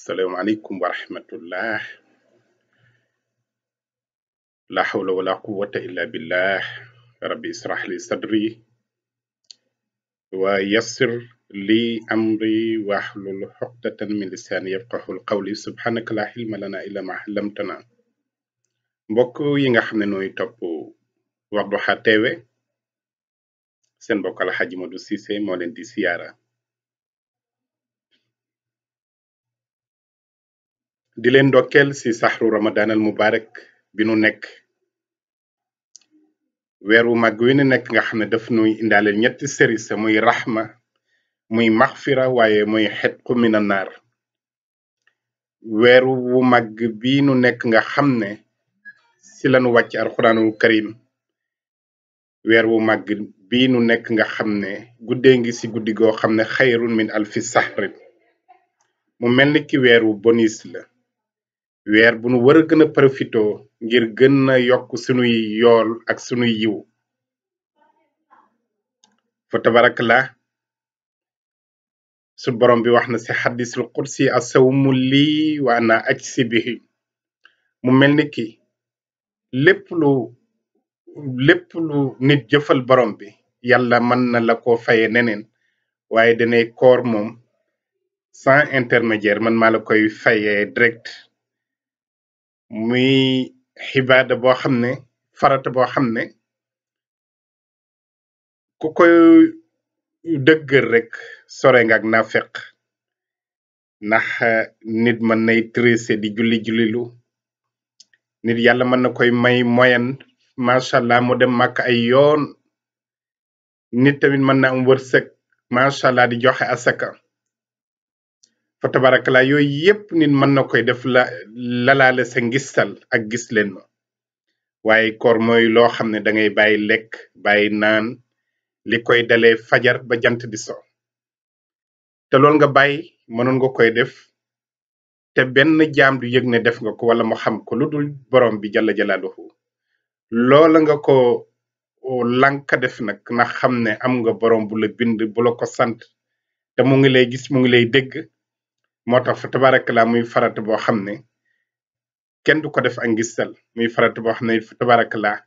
asalaamu aleykum wa rahmatullah la hawla wala quwata illa billah rabbi israh li sadri wa yassir li amri wahlul xoqdatan min lisaani yafqahu qawli subhanaka la xilma lana illa ma xalamtana mbokk yi nga xam ne nooy topp Wadduha TV seen mbokk Alxaaji Modou Cissé moo leen di siyaara di leen ndokkeel si saxru ramadan al mubarak bi nu nekk weer wu màgg wi nu nekk nga xam ne daf nuy indaaleel ñetti service muy raxma muy maxfira waaye muy xetqu mina naar weer wu màgg bi nu nekk nga xam ne si lanu wàcc alxuraanul karim weer wu màgg bi nu nekk nga xam ne guddee ngi ci guddi goo xam ne xayrun min alfi sahrin mu mel ni ki weeru bonis la weer bu nu war a gën a profito ngir gën a yokk sunuy yool ak sunuy yiw fa la su borom bi wax na si xadisul qudsi asawmu lii wa ana aj si bihi mu mel ni ki lépp lu lépp lu nit jëfal borom bi yàlla mën na la ko faye neneen waaye danay koor moom sans intermédiaire man maa la koy fayee direct muy xibaada boo xam ne farata boo xam ne ku koy dëggal rek sore nga ak naafeq ndax eh, nit mën nay tricé di julli jullilu nit yàlla mën na koy may moyen macha allah mu dem màkk ay yoon nit tamit mën na am wërsëg macha allah di joxe asaka fa tabarakalaa yooyu yëpp nit mën na koy def la lalaale sa ngistal ak gis leen ma waaye koor mooy loo xam ne da ngay bàyyi lekk bàyyi naan li koy dale fajar ba jant di so te loolu nga bàyyi mënoon nga koy def te benn jaam du yëg ne def nga ko wala mu xam ko lu dul borom bi jalla jalaaluhu loola nga ko lanka def nag na xam ne am nga borom bu bind bula ko sant te mu ngi lay gis mu ngi lay dégg motax fa tabarak la muy farat bo xamne kenn du ko def ak ngistal muy farat bo xamne fa tabarak la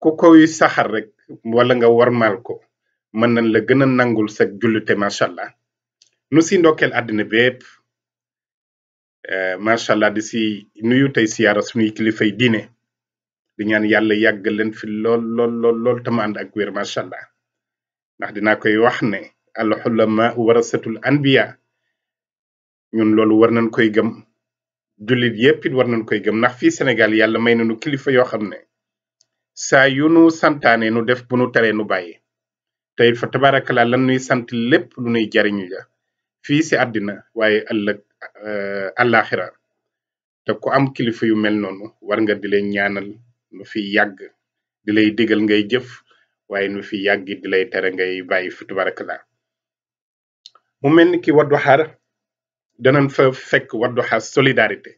ku ko koy saxar rek wala nga warmaal ko man nañ la gëna a nangul sa jullite macha allah nu si ndokkeel adina bépp macha allah di si nuyu tay tey suñu kilifa yi dine di ñaan yàlla yàgg leen fi lool lool lool lool te mu ànd ak wér macha allah ndax dinaa koy wax ne al xulama warasatul anbiya ñun loolu war nañ koy gëm jullit yépp it war nañ koy gëm ndax fii Sénégal yàlla may nañu kilifa yoo xam ne saa yu nu santaane nu def bu nu taree nu bàyyi tey fa tabaarakala lan nuy sant lépp lu nuy jariñu ja fii si addina waaye ëllëg euh, àllaaxira te ko am kilifa yu mel noonu war nga di leen ñaanal nu fi yàgg di lay digal ngay jëf waaye nu fi yàgg di lay tere ngay bàyyi fa mu mel ni ki danañ fa fekk waddu xa solidarité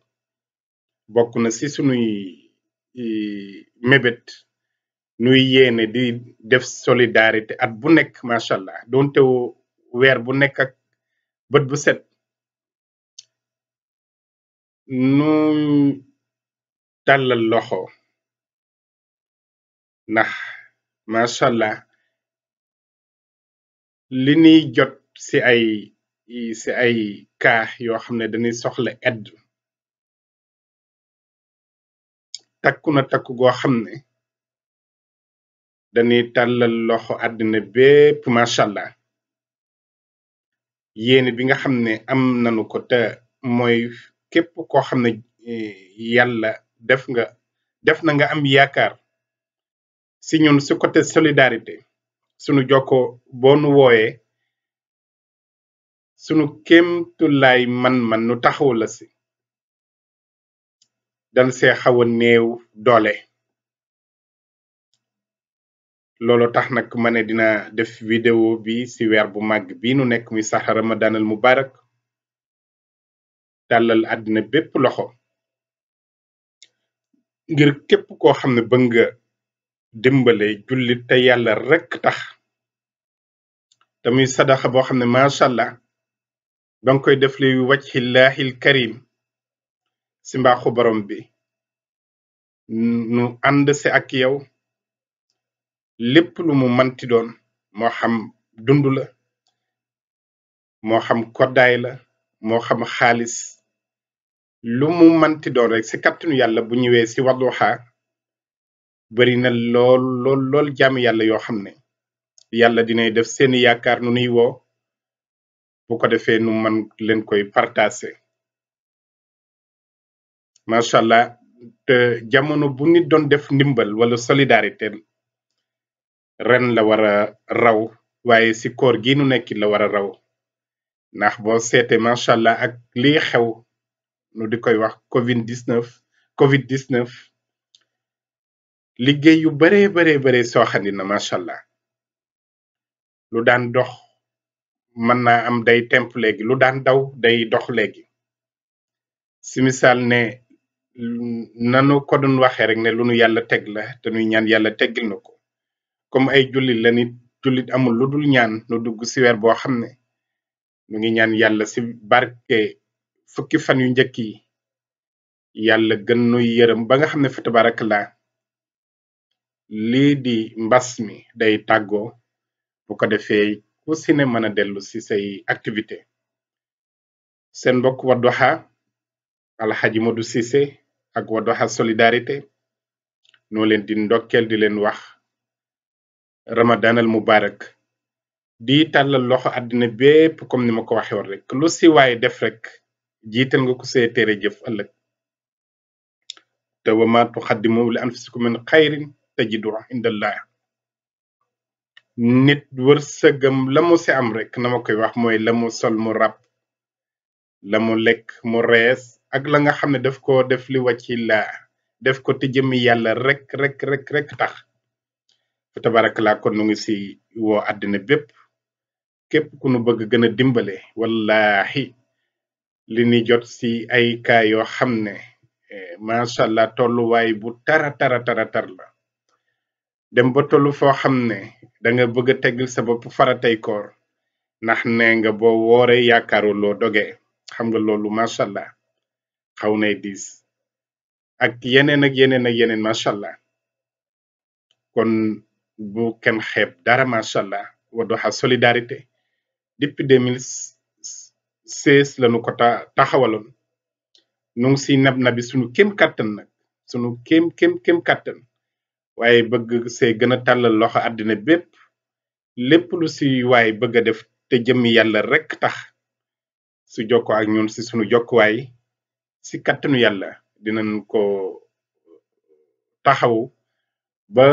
bokk na si sunuy mébét nuy yéene di def solidarité at bu nekk machallah donte weer bu nekk ak bët bu set nu tàllal loxo ndax machallah li ni jot si ay si ay cas yoo xam ne dañuy soxla aide takku na takku goo xam ne dañuy tàllal loxo àddina bépp macha allah yéene bi nga xam ne am nanu ko te képp koo xam ne e, yàlla def nga def na nga am yaakaar si ñun si côté solidarité sunu jokko boo nu wooyee. sunu kéemtulaay man-man nu taxaw la si dan see xaw néew doole loolu tax nag ma ne dina def vidéo bi si weer bu màgg bi nu nekk muy sax ramadaanal mubarak tàllal àddina bépp loxo ngir képp koo xam ne bëgg nga dimbale jullit te yàlla rekk tax te muy sadaxa boo xam ne macha allah danga koy def li wajhillaahil karim si mbaaxu borom bi nu ànd si ak yow lépp lu mu manti doon moo xam dund la moo xam koddaay la moo xam xaalis lu mu manti doon rek si kàttanu yàlla bu ñëwee si Wadduha bari na lool lool lool jaamu yàlla yoo xam ne yàlla dinay def seeni yaakaar nu nuy woo bu ko defee nu man len koy partagé macha allah te jamono bu doon def ndimbal wala solidarité ren la war a raw waaye si gi nu nekki la war a raw ndax bo seetee macha allah ak li xew nu di koy wax Covid 19 Covid 19 liggéey yu baree baree baree sooxandi na macha allah lu daan dox. mën naa am day temp léegi lu daan daw day dox léegi simisal ne nanu ko doon waxee rek ne lu nu yàlla teg la te nuy ñaan yàlla teggil na ko comme ay jullit la nit jullit amul lu dul ñaan nu dugg si weer boo xam ne nu ngi ñaan yàlla si barke fukki fan yu njëkk yi yàlla gën nuy yërëm ba nga xam ne fa la lii di mbas mi day tàggoo bu ko defee aussi si ne mën a dellu si say activité seen mbokk al hadji Modou Cissé ak wa doha solidarité no len di ndokkeel di len wax ramadan al mubarak di tàllal loxo adina bépp comme ni ma ko waxee woon rek lu ci waaye def rek jiital nga ko sey téré jëf ëllëg te ma tuqaddimu li anfusikum min khairin tajidu indallaah nit wërsëgam la mu si am rek na ma koy wax mooy la mu sol mu rab la mu lekk mu rees ak la nga xam ne daf ko def li wàcci laa def ko te jëmi yàlla rek rek rek rek tax fa tabarakalaa kon nu ngi si woo àddina bépp képp ku nu bëgg gën a dimbale wallahi li ni jot si ay kaa yoo xam ne eh, macha allah tolluwaay bu tara tara tara tar la dem ba toll foo xam ne da nga bëgg a teggil sa bopp faratay koor ndax nee nga boo wooree yaakaaru loo doge xam nga loolu macha allah xaw nay diis ak yeneen ak yeneen ak yeneen macha allah kon bu kenn xeeb dara macha allah Wadduha solidarité depuis 2016 lañu ko taxawaloon nu ngi siy nab nabi sunu kéem kattan sunu kéem kéem kéem kattan. waye bëgg sé gëna talal loxo adina bëpp lépp lu ci bëgg def te jëm yalla rek tax su joko ak ñun si sunu way si kattanu yalla dinañ ko taxaw ba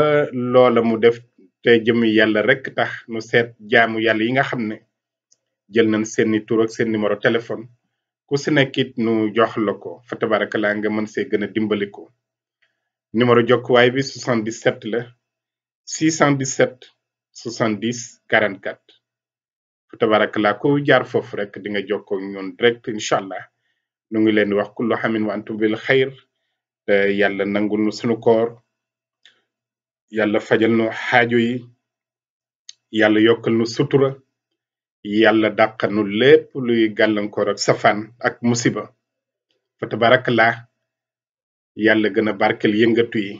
loola mu def te jëm yalla rek tax nu set jaamu yalla yi nga xam jël nañ seeni tour ak seen numéro téléphone ku si nekkit nu jox la ko fa tabaarakalaa nga mën see gën a numéro jokkuwaay bi 77 la 617 70 44 fu tabarakala ku jaar foofu rek di nga jokkoo ñun direct incha allah nu ngi leen wax kullu xamin wa antum bil xayr yàlla nangul nu sunu koor yàlla fajal nu xaajo yi yàlla yokkal nu sutura yàlla dàqal nu lépp luy gàllankoor ak safaan ak musiba fa tabarakala yàlla gën a barkel yëngatu yi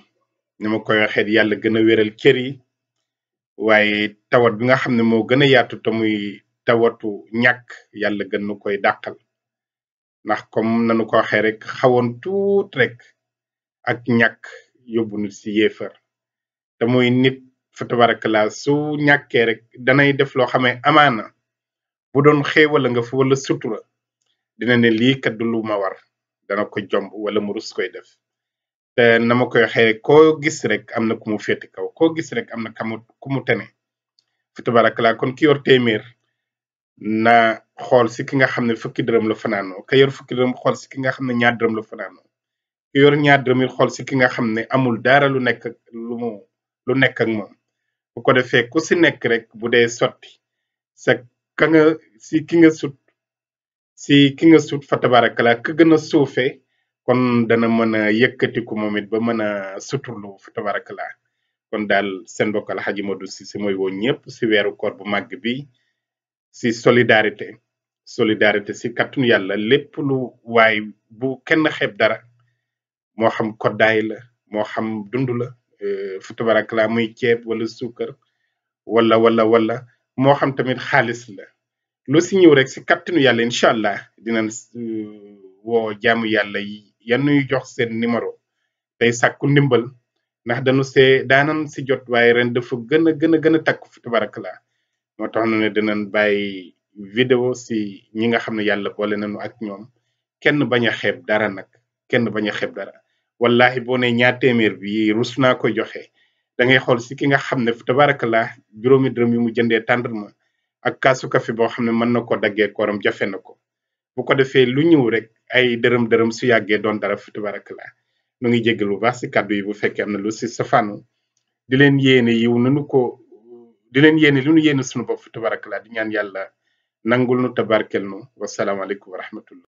ni ma koy waxee yàlla gën a wéral cër yi waaye tawat bi nga xam ne moo gën a yaatu te muy tawatu ñàkk yàlla gën na koy dàqal ndax comme nanu ko waxee rek xawoon tuut rek ak ñàkk yóbbu nit si yéefar te muy nit fa tabarakala su ñàkkee rek danay def loo xamee amaana bu doon xéewal nga fa wala sutura dina ne lii kat lu ma war dana ko jomb wala mu koy def te na ma koy waxee koo gis rek am na ku mu féete kaw koo gis rek am na kamu ku mu tene fi tabarakalaa kon ki yor téeméer na xool si ki nga xam ne fukki dërëm la fanaanoo ka fukki dërëm xool si ki nga xam ne ñaar dërëm la fanaanoo yor ñaar dërëm xool si ki nga xam ne amul dara lu nekk lu mu lu nekk ak moom bu ko defee ku si nekk rek bu dee sotti sa ka nga si ki nga sut si ki nga sut fa tabarakalaa ka gën a suufee kon dana mën a yëkkatiku moom it ba mën a suturlu fu kon daal seen mbokk Alxaaji Modou Cissé moy woo ñëpp si weeru koor bu màgg bi si solidarité solidarité si kàttanu yàlla lépp lu waay bu kenn xeeb dara moo xam koddaay la moo xam dund la euh, fu tabarakallah muy ceeb wala suukar wala wala wala moo xam tamit xaalis la lu si ñëw rek si kàttanu yàlla incha allah dinañ euh, woo jaamu yàlla yi yan ñuy jox seen numéro tey sàkku ndimbal ndax dañu se daanan si jot waaye ren dafa gën a gën a gën a takku fi tabarakala moo tax na ne dinañ bàyyi vidéo si ñi nga xam ne yàlla boole nañu ak ñoom kenn bañ a xeeb dara nag kenn bañ a xeeb dara wallahi boo ne ñaar bi rus naa ko joxe da ngay xool si ki nga xam ne fi tabarakala juróomi dërëm yi mu jëndee tàndarma ak kaasu kafe boo xam ne mën na ko daggee kooram jafe na ko bu ko defee lu ñëw rek ay dërëm dërëm su yàggee doon dara fi la nu ngi jéggal lu baax si kàddu yi bu fekkee am na lu si safaanu di leen yéene yiw nanu ko di leen yéene lu nu yéene suñu bopp fi tabarakalla di ñaan yàlla nangul nu tabarkel nu wasalaamaaleykum wa rahmatullah